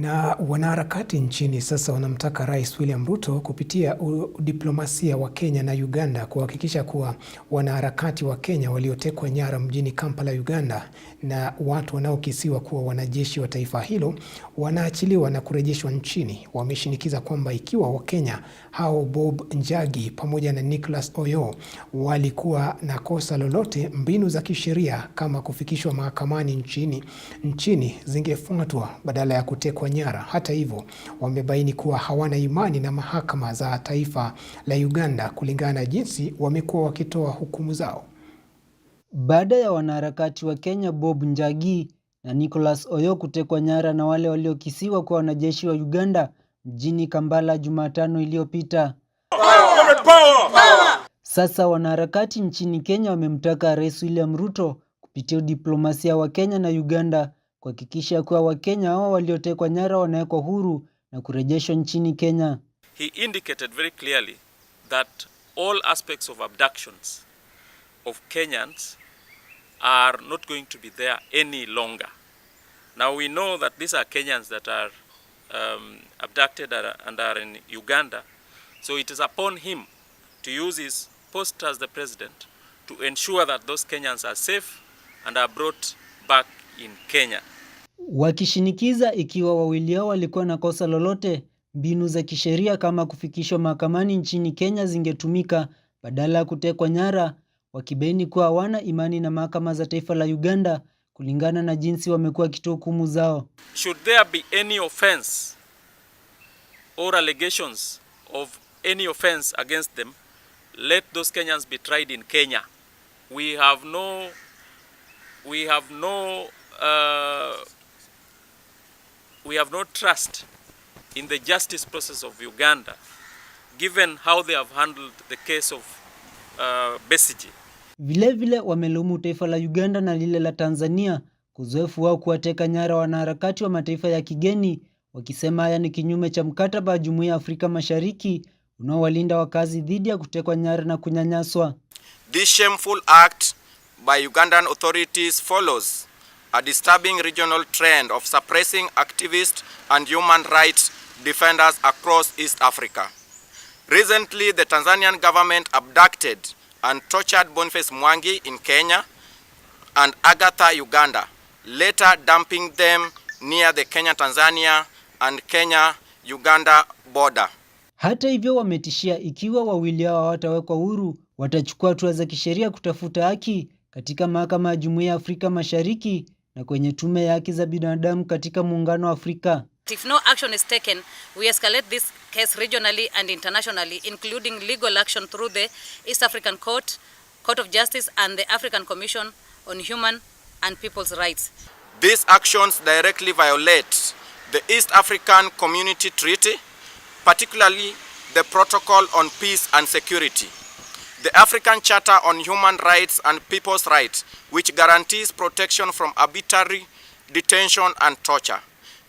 Na wanaharakati nchini sasa wanamtaka Rais William Ruto kupitia diplomasia wa Kenya na Uganda kuhakikisha kuwa wanaharakati wa Kenya waliotekwa nyara mjini Kampala, Uganda na watu wanaokisiwa kuwa wanajeshi wa taifa hilo wanaachiliwa na kurejeshwa nchini. Wameshinikiza kwamba ikiwa Wakenya hao Bob Njagi pamoja na Nicholas Oyo walikuwa na kosa lolote, mbinu za kisheria kama kufikishwa mahakamani nchini nchini zingefuatwa badala ya kutekwa kutekwa nyara. Hata hivyo, wamebaini kuwa hawana imani na mahakama za taifa la Uganda kulingana na jinsi wamekuwa wakitoa hukumu zao. Baada ya wanaharakati wa Kenya Bob Njagi na Nicholas Oyo kutekwa nyara na wale waliokisiwa kwa wanajeshi wa Uganda mjini Kampala Jumatano iliyopita. Sasa wanaharakati nchini Kenya wamemtaka Rais William Ruto kupitia udiplomasia wa Kenya na Uganda kuhakikisha kuwa Wakenya hao waliotekwa nyara wanawekwa huru na kurejeshwa nchini Kenya. He indicated very clearly that all aspects of abductions of Kenyans are not going to be there any longer. Now we know that these are Kenyans that are um, abducted and are in Uganda. So it is upon him to use his post as the president to ensure that those Kenyans are safe and are brought back in Kenya. Wakishinikiza ikiwa wawili hao walikuwa na kosa lolote, mbinu za kisheria kama kufikishwa mahakamani nchini Kenya zingetumika badala ya kutekwa nyara, wakibaini kuwa hawana imani na mahakama za taifa la Uganda kulingana na jinsi wamekuwa wakitoa hukumu zao. Should there be any offense or allegations of any offense against them, let those Kenyans be tried in Kenya. We have no, we have no uh, we have no trust in the justice process of Uganda given how they have handled the case of uh, Besigye. Vilevile wamelaumu taifa la Uganda na lile la Tanzania kwa uzoefu wao kuwateka nyara wanaharakati wa mataifa ya kigeni, wakisema haya ni kinyume cha mkataba wa Jumuiya ya Afrika Mashariki unaowalinda wakazi dhidi ya kutekwa nyara na kunyanyaswa. This shameful act by Ugandan authorities follows a disturbing regional trend of suppressing activists and human rights defenders across East Africa. Recently, the Tanzanian government abducted and tortured Boniface Mwangi in Kenya and Agatha, Uganda, later dumping them near the Kenya-Tanzania and Kenya-Uganda border. Hata hivyo, wametishia ikiwa wawili hao hawatawekwa huru, watachukua hatua za kisheria kutafuta haki katika mahakama ya Jumuiya ya Afrika Mashariki na kwenye tume ya haki za binadamu katika muungano wa Afrika. If no action is taken, we escalate this case regionally and internationally, including legal action through the East African Court, Court of Justice and the African Commission on Human and People's Rights. These actions directly violate the East African Community Treaty, particularly the Protocol on Peace and Security. The African Charter on Human Rights and People's Rights, which guarantees protection from arbitrary detention and torture.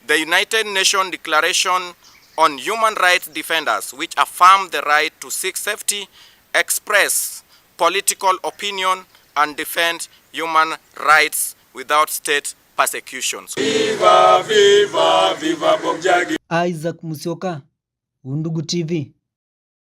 The United Nations Declaration on Human Rights Defenders, which affirm the right to seek safety, express political opinion, and defend human rights without state persecutions. Viva, viva, viva Isaac Musioka, Undugu TV.